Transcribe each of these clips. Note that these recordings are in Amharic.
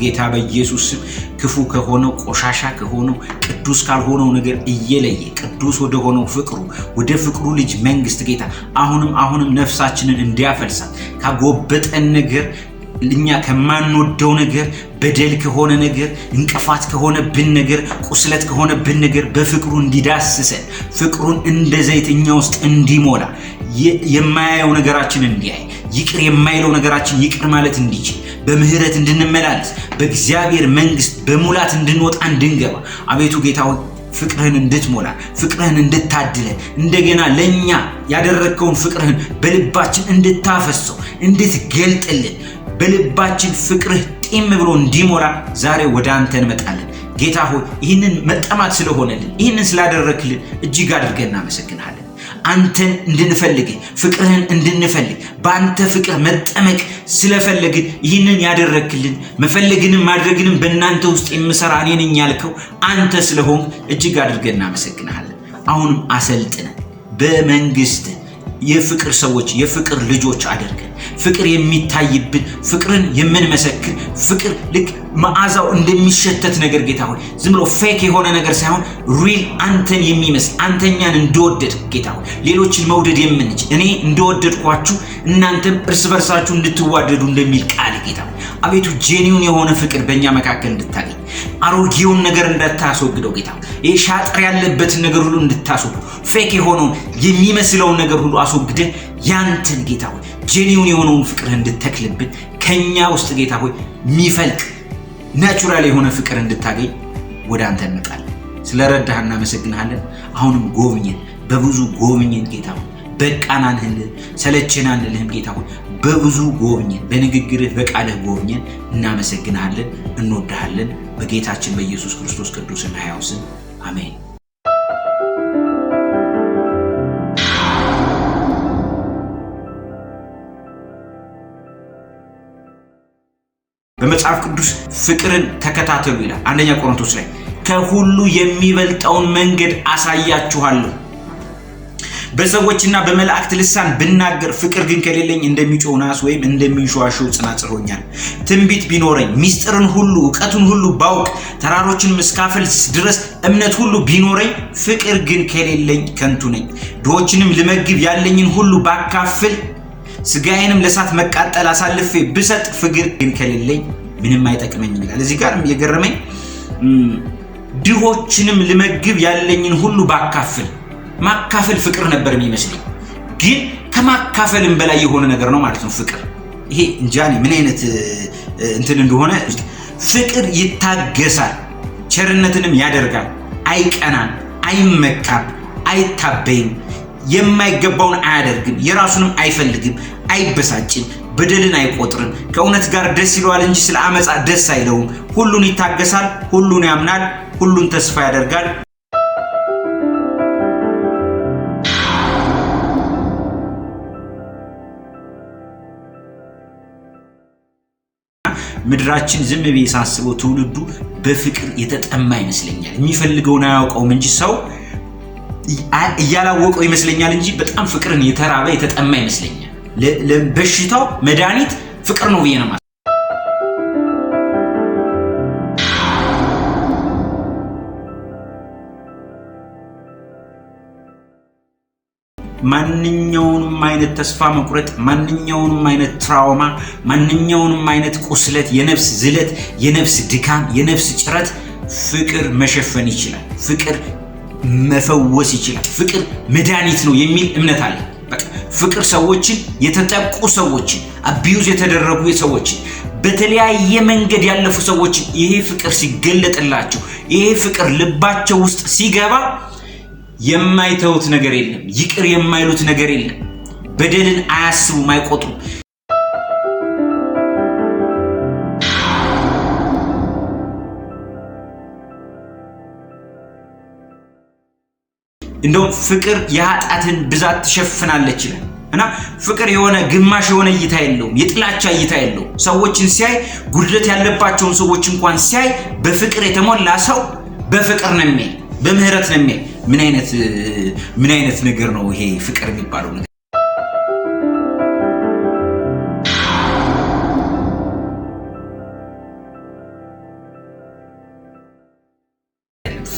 በጌታ በኢየሱስ ክፉ ከሆነው ቆሻሻ ከሆነው ቅዱስ ካልሆነው ነገር እየለየ ቅዱስ ወደ ሆነው ፍቅሩ ወደ ፍቅሩ ልጅ መንግስት ጌታ አሁንም አሁንም ነፍሳችንን እንዲያፈልሳት ካጎበጠን ነገር እኛ ከማንወደው ነገር በደል ከሆነ ነገር እንቅፋት ከሆነብን ነገር ቁስለት ከሆነብን ነገር በፍቅሩ እንዲዳስሰን ፍቅሩን እንደ ዘይት እኛ ውስጥ እንዲሞላ የማያየው ነገራችን እንዲያይ ይቅር የማይለው ነገራችን ይቅር ማለት እንዲችል በምህረት እንድንመላለስ በእግዚአብሔር መንግስት በሙላት እንድንወጣ እንድንገባ አቤቱ ጌታ ፍቅርህን እንድትሞላ ፍቅርህን እንድታድለን እንደገና ለእኛ ያደረግከውን ፍቅርህን በልባችን እንድታፈሰው እንድትገልጥልን በልባችን ፍቅርህ ጢም ብሎ እንዲሞላ ዛሬ ወደ አንተ እንመጣለን። ጌታ ሆይ ይህንን መጠማት ስለሆነልን ይህንን ስላደረግልን እጅግ አድርገን እናመሰግንሃለን። አንተን እንድንፈልግህ ፍቅርህን እንድንፈልግ በአንተ ፍቅር መጠመቅ ስለፈለግን ይህንን ያደረክልን መፈለግንም ማድረግንም በእናንተ ውስጥ የምሰራ እኔ ነኝ ያልከው አንተ ስለሆን እጅግ አድርገን እናመሰግንሃለን። አሁንም አሰልጥነን በመንግስት የፍቅር ሰዎች የፍቅር ልጆች አድርገን ፍቅር የሚታይብን ፍቅርን የምንመሰክር ፍቅር ልክ መዓዛው እንደሚሸተት ነገር ጌታ ሆይ ዝም ብሎ ፌክ የሆነ ነገር ሳይሆን ሪል አንተን የሚመስል አንተኛን እንደወደድ ጌታ ሆይ ሌሎችን መውደድ የምንችል እኔ እንደወደድኳችሁ እናንተም እርስ በርሳችሁ እንድትዋደዱ እንደሚል ቃል ጌታ ሆይ አቤቱ ጄኒውን የሆነ ፍቅር በእኛ መካከል እንድታገኝ አሮጌውን ነገር እንዳታስወግደው ጌታ ይህ ሻጥር ያለበትን ነገር ሁሉ እንድታስወግደው ፌክ የሆነውን የሚመስለውን ነገር ሁሉ አስወግደ ያንተን ጌታ ሆይ ጄኒውን የሆነውን ፍቅር እንድተክልብን ከኛ ውስጥ ጌታ ሆይ የሚፈልቅ ናቹራል የሆነ ፍቅር እንድታገኝ ወደ አንተ እንመጣለን። ስለረዳህ እናመሰግንሃለን። አሁንም ጎብኝን፣ በብዙ ጎብኝን ጌታ ሆይ በቃን አንልህም፣ ሰለችን አንልህም ጌታ ሆይ በብዙ ጎብኝን፣ በንግግርህ በቃልህ ጎብኝን። እናመሰግንሃለን፣ እንወድሃለን። በጌታችን በኢየሱስ ክርስቶስ ቅዱስና ሕያው ስም አሜን። መጽሐፍ ቅዱስ ፍቅርን ተከታተሉ ይላል። አንደኛ ቆሮንቶስ ላይ ከሁሉ የሚበልጠውን መንገድ አሳያችኋለሁ። በሰዎችና በመላእክት ልሳን ብናገር ፍቅር ግን ከሌለኝ እንደሚጮህ ናስ ወይም እንደሚንሸዋሸው ጸናጽል ሆኛል። ትንቢት ቢኖረኝ ሚስጥርን ሁሉ እውቀቱን ሁሉ ባውቅ ተራሮችን እስካፈል ድረስ እምነት ሁሉ ቢኖረኝ ፍቅር ግን ከሌለኝ ከንቱ ነኝ። ድሆችንም ልመግብ ያለኝን ሁሉ ባካፍል ስጋዬንም ለእሳት መቃጠል አሳልፌ ብሰጥ ፍቅር ግን ከሌለኝ ምንም አይጠቅመኝም ይላል። እዚህ ጋር የገረመኝ ድሆችንም ልመግብ ያለኝን ሁሉ ባካፍል፣ ማካፈል ፍቅር ነበር የሚመስለኝ፣ ግን ከማካፈልም በላይ የሆነ ነገር ነው ማለት ነው ፍቅር። ይሄ እንጃ እኔ ምን አይነት እንትን እንደሆነ። ፍቅር ይታገሳል፣ ቸርነትንም ያደርጋል፣ አይቀናም፣ አይመካም፣ አይታበይም፣ የማይገባውን አያደርግም፣ የራሱንም አይፈልግም፣ አይበሳጭም፣ በደልን አይቆጥርም። ከእውነት ጋር ደስ ይለዋል እንጂ ስለ አመፃ ደስ አይለውም። ሁሉን ይታገሳል፣ ሁሉን ያምናል፣ ሁሉን ተስፋ ያደርጋል። ምድራችን ዝም ብዬ ሳስበው ትውልዱ በፍቅር የተጠማ ይመስለኛል። የሚፈልገውን አያውቀውም እንጂ ሰው እያላወቀው ይመስለኛል እንጂ በጣም ፍቅርን የተራበ የተጠማ ይመስለኛል። በሽታው መድኃኒት ፍቅር ነው ብዬ ነው። ማንኛውንም አይነት ተስፋ መቁረጥ፣ ማንኛውንም አይነት ትራውማ፣ ማንኛውንም አይነት ቁስለት፣ የነፍስ ዝለት፣ የነፍስ ድካም፣ የነፍስ ጭረት ፍቅር መሸፈን ይችላል። ፍቅር መፈወስ ይችላል። ፍቅር መድኃኒት ነው የሚል እምነት አለ። ፍቅር ሰዎችን የተጠቁ ሰዎችን አቢዩዝ የተደረጉ ሰዎችን በተለያየ መንገድ ያለፉ ሰዎችን ይሄ ፍቅር ሲገለጥላቸው ይሄ ፍቅር ልባቸው ውስጥ ሲገባ የማይተውት ነገር የለም። ይቅር የማይሉት ነገር የለም። በደልን አያስቡም፣ አይቆጥሩም። እንደውም ፍቅር የኃጢአትን ብዛት ትሸፍናለች ይላል። እና ፍቅር የሆነ ግማሽ የሆነ እይታ የለውም፣ የጥላቻ እይታ የለውም። ሰዎችን ሲያይ ጉድለት ያለባቸውን ሰዎች እንኳን ሲያይ በፍቅር የተሞላ ሰው በፍቅር ነው የሚል፣ በምህረት ነው የሚል። ምን አይነት ምን አይነት ነገር ነው ይሄ ፍቅር የሚባለው ነገር?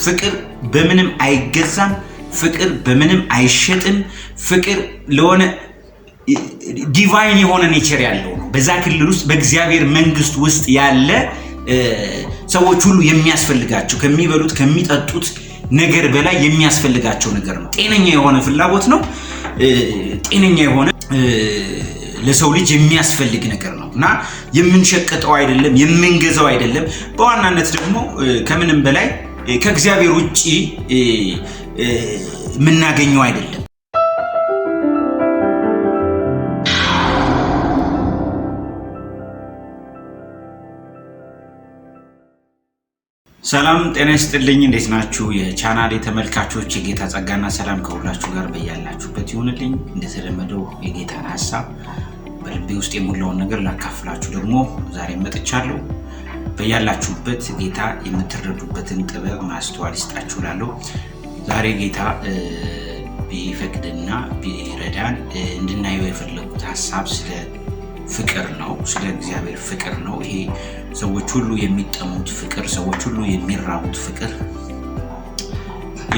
ፍቅር በምንም አይገዛም። ፍቅር በምንም አይሸጥም። ፍቅር ለሆነ ዲቫይን የሆነ ኔቸር ያለው ነው። በዛ ክልል ውስጥ በእግዚአብሔር መንግስት ውስጥ ያለ ሰዎች ሁሉ የሚያስፈልጋቸው ከሚበሉት ከሚጠጡት ነገር በላይ የሚያስፈልጋቸው ነገር ነው። ጤነኛ የሆነ ፍላጎት ነው። ጤነኛ የሆነ ለሰው ልጅ የሚያስፈልግ ነገር ነው እና የምንሸቀጠው አይደለም፣ የምንገዛው አይደለም። በዋናነት ደግሞ ከምንም በላይ ከእግዚአብሔር ውጭ የምናገኘው አይደለም። ሰላም ጤና ይስጥልኝ። እንዴት ናችሁ? የቻናሌ ተመልካቾች የጌታ ጸጋና ሰላም ከሁላችሁ ጋር በያላችሁበት ይሆንልኝ እንደተለመደው የጌታን ሀሳብ በልቤ ውስጥ የሞላውን ነገር ላካፍላችሁ ደግሞ ዛሬ መጥቻለሁ። በያላችሁበት ጌታ የምትረዱበትን ጥበብ ማስተዋል ይስጣችሁ እላለሁ። ዛሬ ጌታ ቢፈቅድና ቢረዳን እንድናየው የፈለጉት ሀሳብ ስለ ፍቅር ነው። ስለ እግዚአብሔር ፍቅር ነው። ይሄ ሰዎች ሁሉ የሚጠሙት ፍቅር፣ ሰዎች ሁሉ የሚራቡት ፍቅር፣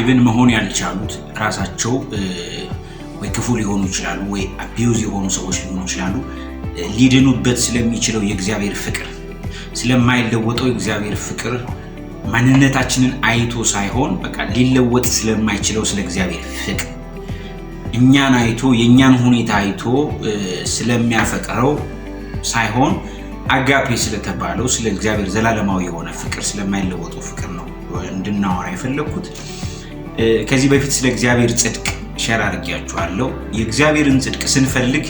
ኢቨን መሆን ያልቻሉት ራሳቸው ወይ ክፉ ሊሆኑ ይችላሉ፣ ወይ አቢዩዝ የሆኑ ሰዎች ሊሆኑ ይችላሉ። ሊድኑበት ስለሚችለው የእግዚአብሔር ፍቅር፣ ስለማይለወጠው የእግዚአብሔር ፍቅር ማንነታችንን አይቶ ሳይሆን በቃ ሊለወጥ ስለማይችለው ስለ እግዚአብሔር ፍቅር እኛን አይቶ የእኛን ሁኔታ አይቶ ስለሚያፈቅረው ሳይሆን አጋፔ ስለተባለው ስለ እግዚአብሔር ዘላለማዊ የሆነ ፍቅር ስለማይለወጡ ፍቅር ነው እንድናወራ የፈለግኩት። ከዚህ በፊት ስለ እግዚአብሔር ጽድቅ ሸር አድርጌያችኋለሁ። የእግዚአብሔርን ጽድቅ ስንፈልግ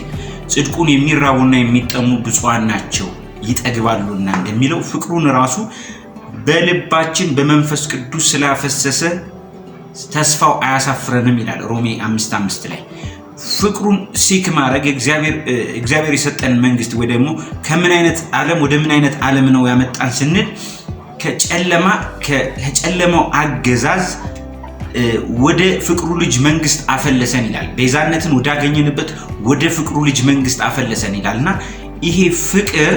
ጽድቁን የሚራቡና የሚጠሙ ብፁዓን ናቸው ይጠግባሉና እንደሚለው ፍቅሩን ራሱ በልባችን በመንፈስ ቅዱስ ስላፈሰሰ ተስፋው አያሳፍረንም ይላል ሮሜ አምስት አምስት ላይ ፍቅሩን ሲክ ማድረግ እግዚአብሔር የሰጠን መንግስት ወይ ደግሞ ከምን አይነት ዓለም ወደ ምን አይነት ዓለም ነው ያመጣን ስንል ከጨለማ ከጨለማው አገዛዝ ወደ ፍቅሩ ልጅ መንግስት አፈለሰን ይላል። ቤዛነትን ወዳገኘንበት ወደ ፍቅሩ ልጅ መንግስት አፈለሰን ይላል እና ይሄ ፍቅር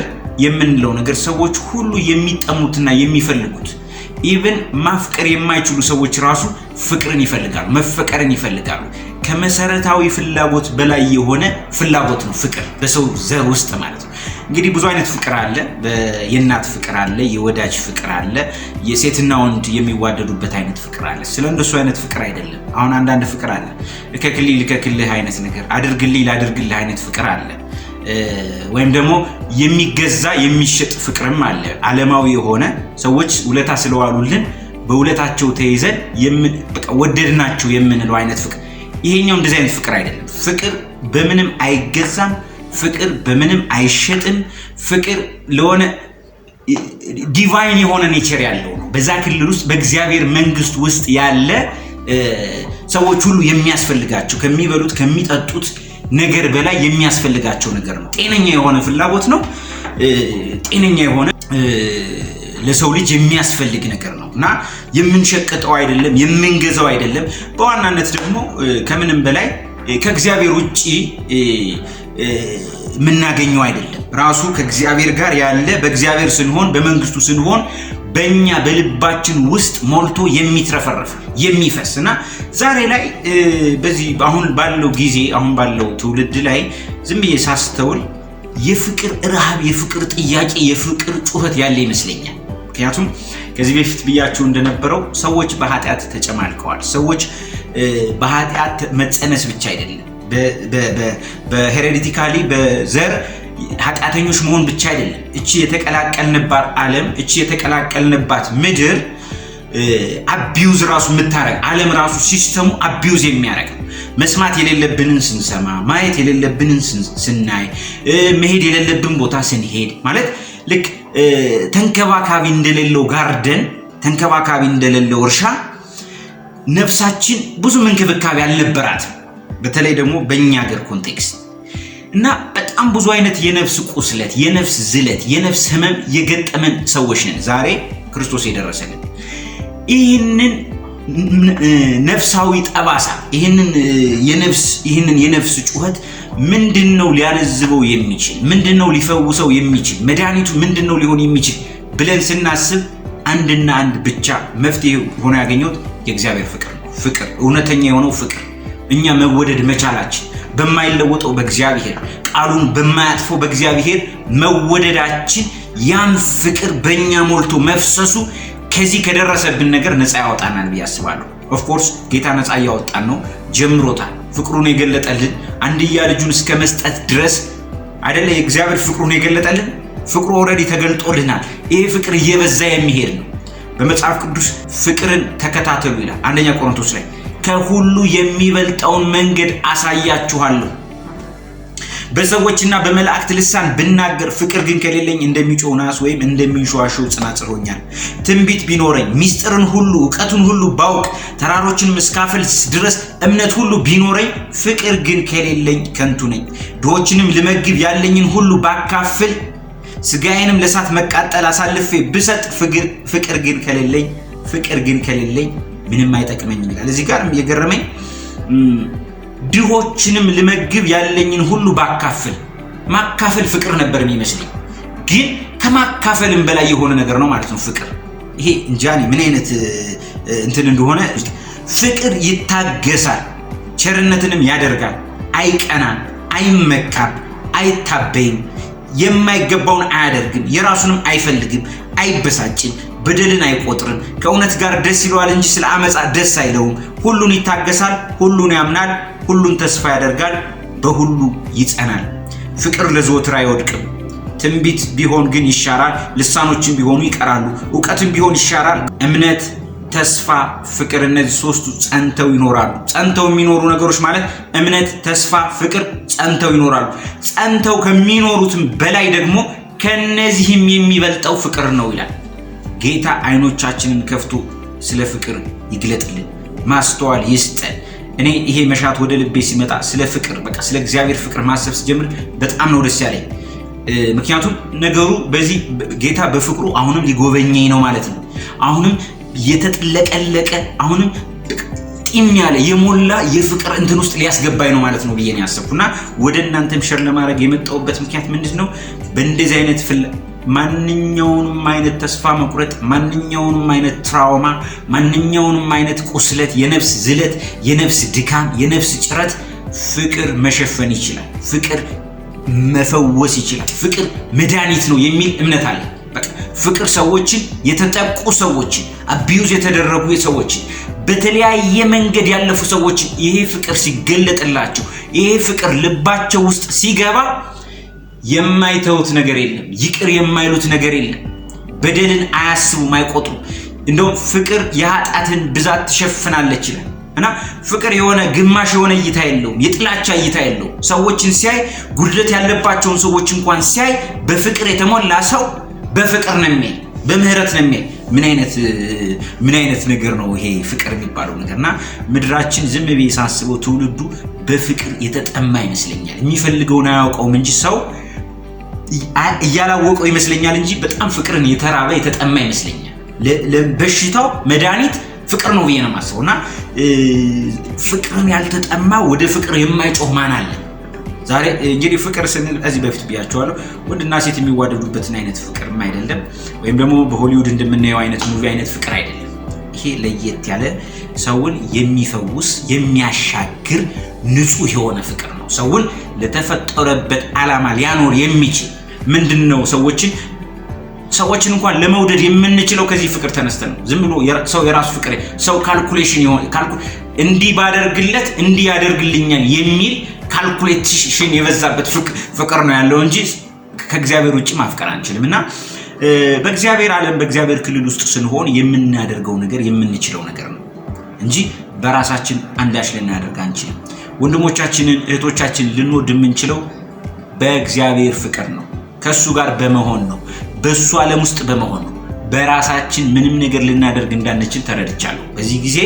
የምንለው ነገር ሰዎች ሁሉ የሚጠሙትና የሚፈልጉት ኢቨን ማፍቀር የማይችሉ ሰዎች ራሱ ፍቅርን ይፈልጋሉ፣ መፈቀርን ይፈልጋሉ። ከመሰረታዊ ፍላጎት በላይ የሆነ ፍላጎት ነው ፍቅር በሰው ዘር ውስጥ ማለት ነው። እንግዲህ ብዙ አይነት ፍቅር አለ። የእናት ፍቅር አለ፣ የወዳጅ ፍቅር አለ፣ የሴትና ወንድ የሚዋደዱበት አይነት ፍቅር አለ። ስለ እንደሱ አይነት ፍቅር አይደለም። አሁን አንዳንድ ፍቅር አለ፣ እከክልኝ ልከክልህ አይነት ነገር፣ አድርግልኝ ላድርግልህ አይነት ፍቅር አለ። ወይም ደግሞ የሚገዛ የሚሸጥ ፍቅርም አለ። ዓለማዊ የሆነ ሰዎች ውለታ ስለዋሉልን በውለታቸው ተይዘን ወደድናቸው የምንለው አይነት ፍቅር፣ ይሄኛው እንደዚህ አይነት ፍቅር አይደለም። ፍቅር በምንም አይገዛም። ፍቅር በምንም አይሸጥም። ፍቅር ለሆነ ዲቫይን የሆነ ኔቸር ያለው ነው። በዛ ክልል ውስጥ በእግዚአብሔር መንግስት ውስጥ ያለ ሰዎች ሁሉ የሚያስፈልጋቸው ከሚበሉት ከሚጠጡት ነገር በላይ የሚያስፈልጋቸው ነገር ነው። ጤነኛ የሆነ ፍላጎት ነው። ጤነኛ የሆነ ለሰው ልጅ የሚያስፈልግ ነገር ነው እና የምንሸቀጠው አይደለም፣ የምንገዛው አይደለም። በዋናነት ደግሞ ከምንም በላይ ከእግዚአብሔር ውጭ የምናገኘው አይደለም። ራሱ ከእግዚአብሔር ጋር ያለ በእግዚአብሔር ስንሆን በመንግስቱ ስንሆን በእኛ በልባችን ውስጥ ሞልቶ የሚትረፈረፍ የሚፈስ እና ዛሬ ላይ በዚህ አሁን ባለው ጊዜ አሁን ባለው ትውልድ ላይ ዝም ብዬ ሳስተውል የፍቅር ረሃብ፣ የፍቅር ጥያቄ፣ የፍቅር ጩኸት ያለ ይመስለኛል። ምክንያቱም ከዚህ በፊት ብያችሁ እንደነበረው ሰዎች በኃጢአት ተጨማልቀዋል። ሰዎች በኃጢአት መጸነስ ብቻ አይደለም በሄሬዲቲካሊ በዘር ኃጢአተኞች መሆን ብቻ አይደለም። እቺ የተቀላቀልንባት ዓለም እቺ የተቀላቀልንባት ምድር አቢዩዝ ራሱ የምታረግ ዓለም ራሱ ሲስተሙ አቢዩዝ የሚያረግ መስማት የሌለብንን ስንሰማ፣ ማየት የሌለብንን ስናይ፣ መሄድ የሌለብን ቦታ ስንሄድ ማለት ልክ ተንከባካቢ እንደሌለው ጋርደን ተንከባካቢ እንደሌለው እርሻ ነፍሳችን ብዙም እንክብካቤ አልነበራትም። በተለይ ደግሞ በእኛ ሀገር ኮንቴክስት እና በጣም ብዙ አይነት የነፍስ ቁስለት፣ የነፍስ ዝለት፣ የነፍስ ህመም የገጠመን ሰዎች ነን። ዛሬ ክርስቶስ የደረሰልን ይህንን ነፍሳዊ ጠባሳ ይህንን የነፍስ ጩኸት ምንድን ነው ሊያለዝበው የሚችል ምንድን ነው ሊፈውሰው የሚችል መድኃኒቱ ምንድን ነው ሊሆን የሚችል ብለን ስናስብ አንድና አንድ ብቻ መፍትሄ ሆኖ ያገኘሁት የእግዚአብሔር ፍቅር ነው። ፍቅር እውነተኛ የሆነው ፍቅር እኛ መወደድ መቻላችን በማይለወጠው በእግዚአብሔር ቃሉን በማያጥፈው በእግዚአብሔር መወደዳችን ያም ፍቅር በእኛ ሞልቶ መፍሰሱ ከዚህ ከደረሰብን ነገር ነፃ ያወጣናል ብዬ አስባለሁ። ኦፍኮርስ ጌታ ነፃ እያወጣን ነው፣ ጀምሮታል። ፍቅሩን የገለጠልን አንድያ ልጁን እስከ መስጠት ድረስ አይደለ? የእግዚአብሔር ፍቅሩን የገለጠልን ፍቅሩ ኦልሬዲ ተገልጦልናል። ይሄ ፍቅር እየበዛ የሚሄድ ነው። በመጽሐፍ ቅዱስ ፍቅርን ተከታተሉ ይላል አንደኛ ቆሮንቶስ ላይ ከሁሉ የሚበልጠውን መንገድ አሳያችኋለሁ። በሰዎችና በመላእክት ልሳን ብናገር ፍቅር ግን ከሌለኝ እንደሚጮህ ናስ ወይም እንደሚንሸዋሸው ጽናጽሮኛል። ትንቢት ቢኖረኝ ሚስጥርን ሁሉ እውቀቱን ሁሉ ባውቅ ተራሮችን እስካፈል ድረስ እምነት ሁሉ ቢኖረኝ ፍቅር ግን ከሌለኝ ከንቱ ነኝ። ድሆችንም ልመግብ ያለኝን ሁሉ ባካፍል ስጋዬንም ለእሳት መቃጠል አሳልፌ ብሰጥ ፍቅር ግን ከሌለኝ ፍቅር ግን ከሌለኝ ምንም አይጠቅመኝም ይላል። እዚህ ጋር የገረመኝ ድሆችንም ልመግብ ያለኝን ሁሉ ባካፍል ማካፈል ፍቅር ነበር የሚመስለኝ፣ ግን ከማካፈልም በላይ የሆነ ነገር ነው ማለት ነው ፍቅር። ይሄ እንጃኒ ምን አይነት እንትን እንደሆነ። ፍቅር ይታገሳል፣ ቸርነትንም ያደርጋል፣ አይቀናም፣ አይመካም፣ አይታበይም፣ የማይገባውን አያደርግም፣ የራሱንም አይፈልግም፣ አይበሳጭም፣ በደልን አይቆጥርም። ከእውነት ጋር ደስ ይለዋል እንጂ ስለ አመፃ ደስ አይለውም። ሁሉን ይታገሳል፣ ሁሉን ያምናል፣ ሁሉን ተስፋ ያደርጋል፣ በሁሉ ይጸናል። ፍቅር ለዘወትር አይወድቅም። ትንቢት ቢሆን ግን ይሻራል፣ ልሳኖችም ቢሆኑ ይቀራሉ፣ እውቀትም ቢሆን ይሻራል። እምነት፣ ተስፋ፣ ፍቅር እነዚህ ሶስቱ ጸንተው ይኖራሉ። ጸንተው የሚኖሩ ነገሮች ማለት እምነት፣ ተስፋ፣ ፍቅር ጸንተው ይኖራሉ። ጸንተው ከሚኖሩትም በላይ ደግሞ ከነዚህም የሚበልጠው ፍቅር ነው ይላል። ጌታ አይኖቻችንን ከፍቶ ስለ ፍቅር ይግለጥልን፣ ማስተዋል ይስጠን። እኔ ይሄ መሻት ወደ ልቤ ሲመጣ ስለ ፍቅር በቃ ስለ እግዚአብሔር ፍቅር ማሰብ ስጀምር በጣም ነው ደስ ያለኝ። ምክንያቱም ነገሩ በዚህ ጌታ በፍቅሩ አሁንም ሊጎበኘኝ ነው ማለት ነው። አሁንም የተጥለቀለቀ አሁንም ጢም ያለ የሞላ የፍቅር እንትን ውስጥ ሊያስገባኝ ነው ማለት ነው ብዬ ነው ያሰብኩና ወደ እናንተም ሸር ለማድረግ የመጣሁበት ምክንያት ምንድን ነው በእንደዚህ አይነት ማንኛውንም አይነት ተስፋ መቁረጥ፣ ማንኛውንም አይነት ትራውማ፣ ማንኛውንም አይነት ቁስለት፣ የነፍስ ዝለት፣ የነፍስ ድካም፣ የነፍስ ጭረት ፍቅር መሸፈን ይችላል። ፍቅር መፈወስ ይችላል። ፍቅር መድኃኒት ነው የሚል እምነት አለ። ፍቅር ሰዎችን የተጠቁ ሰዎችን፣ አቢዩዝ የተደረጉ ሰዎችን፣ በተለያየ መንገድ ያለፉ ሰዎችን ይሄ ፍቅር ሲገለጥላቸው፣ ይሄ ፍቅር ልባቸው ውስጥ ሲገባ የማይተውት ነገር የለም። ይቅር የማይሉት ነገር የለም። በደልን አያስቡም፣ አይቆጥሩም። እንደውም ፍቅር የኃጢአትን ብዛት ትሸፍናለች ይላል እና ፍቅር የሆነ ግማሽ የሆነ እይታ የለውም፣ የጥላቻ እይታ የለውም። ሰዎችን ሲያይ ጉድለት ያለባቸውን ሰዎች እንኳን ሲያይ በፍቅር የተሞላ ሰው በፍቅር ነው የሚያይ፣ በምህረት ነው የሚያይ። ምን አይነት ምን አይነት ነገር ነው ይሄ ፍቅር የሚባለው ነገር? እና ምድራችን ዝም ብዬ ሳስበው ትውልዱ በፍቅር የተጠማ ይመስለኛል። የሚፈልገውን አያውቀውም እንጂ ሰው እያላወቀው ይመስለኛል እንጂ በጣም ፍቅርን የተራበ የተጠማ ይመስለኛል። በሽታው መድኃኒት ፍቅር ነው ብዬ ነው የማስበው። እና ፍቅርን ያልተጠማ ወደ ፍቅር የማይጮህ ማን አለ? ዛሬ እንግዲህ ፍቅር ስንል እዚህ በፊት ብያቸዋለሁ፣ ወንድና ሴት የሚዋደዱበትን አይነት ፍቅር አይደለም፣ ወይም ደግሞ በሆሊውድ እንደምናየው አይነት ሙቪ አይነት ፍቅር አይደለም። ይሄ ለየት ያለ ሰውን የሚፈውስ የሚያሻግር ንጹህ የሆነ ፍቅር ነው። ሰውን ለተፈጠረበት ዓላማ ሊያኖር የሚችል ምንድን ነው ሰዎችን ሰዎችን እንኳን ለመውደድ የምንችለው ከዚህ ፍቅር ተነስተን ነው። ዝም ብሎ ሰው የራሱ ፍቅር ሰው ካልኩሌሽን የሆነ እንዲህ ባደርግለት እንዲህ ያደርግልኛል የሚል ካልኩሌሽን የበዛበት ፍቅር ነው ያለው እንጂ ከእግዚአብሔር ውጭ ማፍቀር አንችልም እና በእግዚአብሔር ዓለም በእግዚአብሔር ክልል ውስጥ ስንሆን የምናደርገው ነገር የምንችለው ነገር ነው እንጂ በራሳችን አንዳች ልናደርግ አንችልም። ወንድሞቻችንን እህቶቻችንን ልንወድ የምንችለው በእግዚአብሔር ፍቅር ነው። ከእሱ ጋር በመሆን ነው። በእሱ ዓለም ውስጥ በመሆን ነው። በራሳችን ምንም ነገር ልናደርግ እንዳንችል ተረድቻለሁ። በዚህ ጊዜ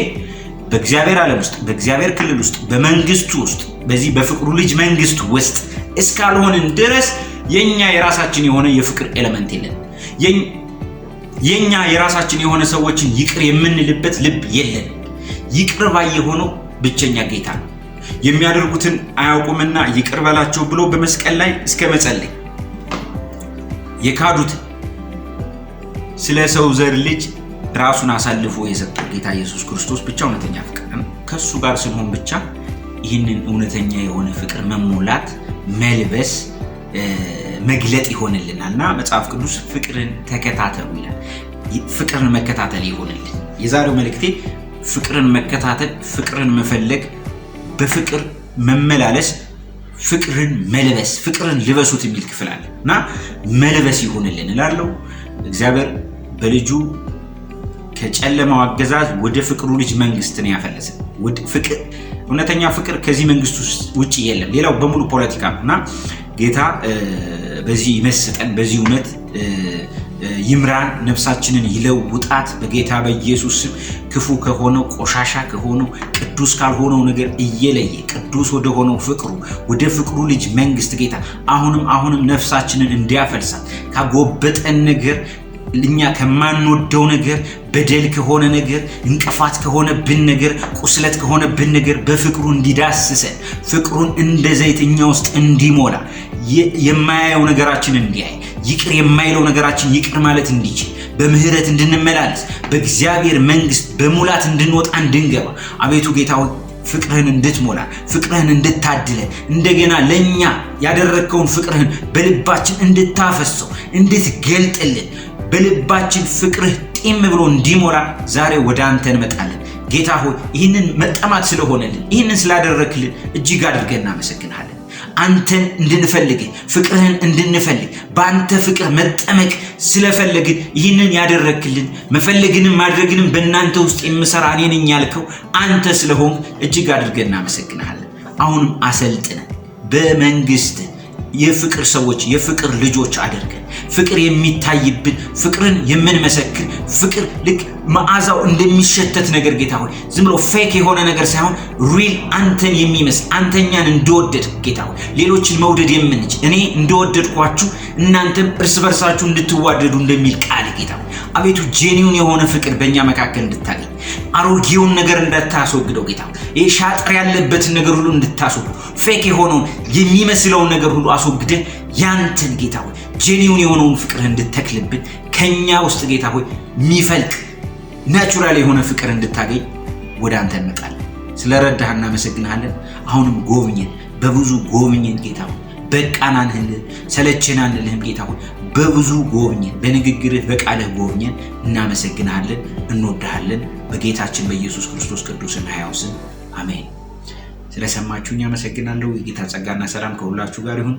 በእግዚአብሔር ዓለም ውስጥ በእግዚአብሔር ክልል ውስጥ በመንግስቱ ውስጥ በዚህ በፍቅሩ ልጅ መንግስት ውስጥ እስካልሆንን ድረስ የኛ የራሳችን የሆነ የፍቅር ኤለመንት የለን። የኛ የራሳችን የሆነ ሰዎችን ይቅር የምንልበት ልብ የለን። ይቅር ባይ የሆነው ብቸኛ ጌታ ነው። የሚያደርጉትን አያውቁምና ይቅር በላቸው ብሎ በመስቀል ላይ እስከ መጸለይ የካዱት ስለ ሰው ዘር ልጅ ራሱን አሳልፎ የሰጠው ጌታ ኢየሱስ ክርስቶስ ብቻ እውነተኛ ፍቅር ነው። ከእሱ ጋር ስንሆን ብቻ ይህንን እውነተኛ የሆነ ፍቅር መሞላት፣ መልበስ፣ መግለጥ ይሆንልናል እና መጽሐፍ ቅዱስ ፍቅርን ተከታተሉ ይላል። ፍቅርን መከታተል ይሆንልን። የዛሬው መልእክቴ ፍቅርን መከታተል፣ ፍቅርን መፈለግ፣ በፍቅር መመላለስ ፍቅርን መልበስ ፍቅርን ልበሱት የሚል ክፍል አለ እና መልበስ ይሆንልን እላለሁ። እግዚአብሔር በልጁ ከጨለማው አገዛዝ ወደ ፍቅሩ ልጅ መንግስትን ያፈለሰ ፍቅር እውነተኛ ፍቅር ከዚህ መንግስት ውጭ የለም። ሌላው በሙሉ ፖለቲካ ነው እና ጌታ በዚህ ይመስጠን በዚህ እውነት ይምራን፣ ነፍሳችንን ይለውጣት በጌታ በኢየሱስ ስም። ክፉ ከሆነው ቆሻሻ ከሆነው ቅዱስ ካልሆነው ነገር እየለየ ቅዱስ ወደ ሆነው ፍቅሩ ወደ ፍቅሩ ልጅ መንግስት ጌታ አሁንም አሁንም ነፍሳችንን እንዲያፈልሳት ካጎበጠን ነገር እኛ ከማንወደው ነገር በደል ከሆነ ነገር እንቅፋት ከሆነብን ነገር ቁስለት ከሆነብን ነገር በፍቅሩ እንዲዳስሰን ፍቅሩን እንደ ዘይት እኛ ውስጥ እንዲሞላ የማያየው ነገራችን እንዲያይ ይቅር የማይለው ነገራችን ይቅር ማለት እንዲችል በምህረት እንድንመላለስ በእግዚአብሔር መንግስት በሙላት እንድንወጣ እንድንገባ አቤቱ ጌታ ሆይ ፍቅርህን እንድትሞላ ፍቅርህን እንድታድለን እንደገና ለእኛ ያደረግከውን ፍቅርህን በልባችን እንድታፈሰው እንድትገልጥልን በልባችን ፍቅርህ ጢም ብሎ እንዲሞላ ዛሬ ወደ አንተ እንመጣለን። ጌታ ሆይ ይህንን መጠማት ስለሆነልን ይህንን ስላደረክልን እጅግ አድርገን እናመሰግናለን። አንተን እንድንፈልግ ፍቅርህን እንድንፈልግ በአንተ ፍቅር መጠመቅ ስለፈለግን ይህንን ያደረግክልን መፈለግንም ማድረግንም በእናንተ ውስጥ የምሰራ እኔ ነኝ ያልከው አንተ ስለሆንክ እጅግ አድርገን እናመሰግናለን። አሁንም አሰልጥነን በመንግስት የፍቅር ሰዎች የፍቅር ልጆች አድርገን ፍቅር የሚታይብን ፍቅርን የምንመሰክር ፍቅር ልክ መዓዛው እንደሚሸተት ነገር ጌታ ሆይ ዝም ብሎ ፌክ የሆነ ነገር ሳይሆን ሪል አንተን የሚመስል አንተኛን እንደወደድ ጌታ ሆይ ሌሎችን መውደድ የምንችል እኔ እንደወደድኳችሁ እናንተም እርስ በርሳችሁ እንድትዋደዱ እንደሚል ቃል ጌታ ሆይ አቤቱ ጄኒውን የሆነ ፍቅር በእኛ መካከል እንድታገኝ አሮጌውን ነገር እንዳታስወግደው ጌታ ይህ ሻጥር ያለበትን ነገር ሁሉ እንድታስወግደው ፌክ የሆነውን የሚመስለውን ነገር ሁሉ አስወግደ ያንተን ጌታ ሆይ ጄኒውን የሆነውን ፍቅር እንድተክልብን ከኛ ውስጥ ጌታ ሆይ የሚፈልቅ ናቹራል የሆነ ፍቅር እንድታገኝ ወደ አንተ እንመጣለን። ስለረዳህ እናመሰግንሃለን። አሁንም ጎብኝን፣ በብዙ ጎብኝን ጌታ ሆይ በቃን አንልህም፣ ሰለችን አንልህም ጌታ ሆይ በብዙ ጎብኝን፣ በንግግርህ በቃልህ ጎብኝን። እናመሰግንሃለን፣ እንወድሃለን። በጌታችን በኢየሱስ ክርስቶስ ቅዱስ እና ሕያው ስም አሜን። ስለሰማችሁኝ አመሰግናለሁ። የጌታ ጸጋና ሰላም ከሁላችሁ ጋር ይሁን።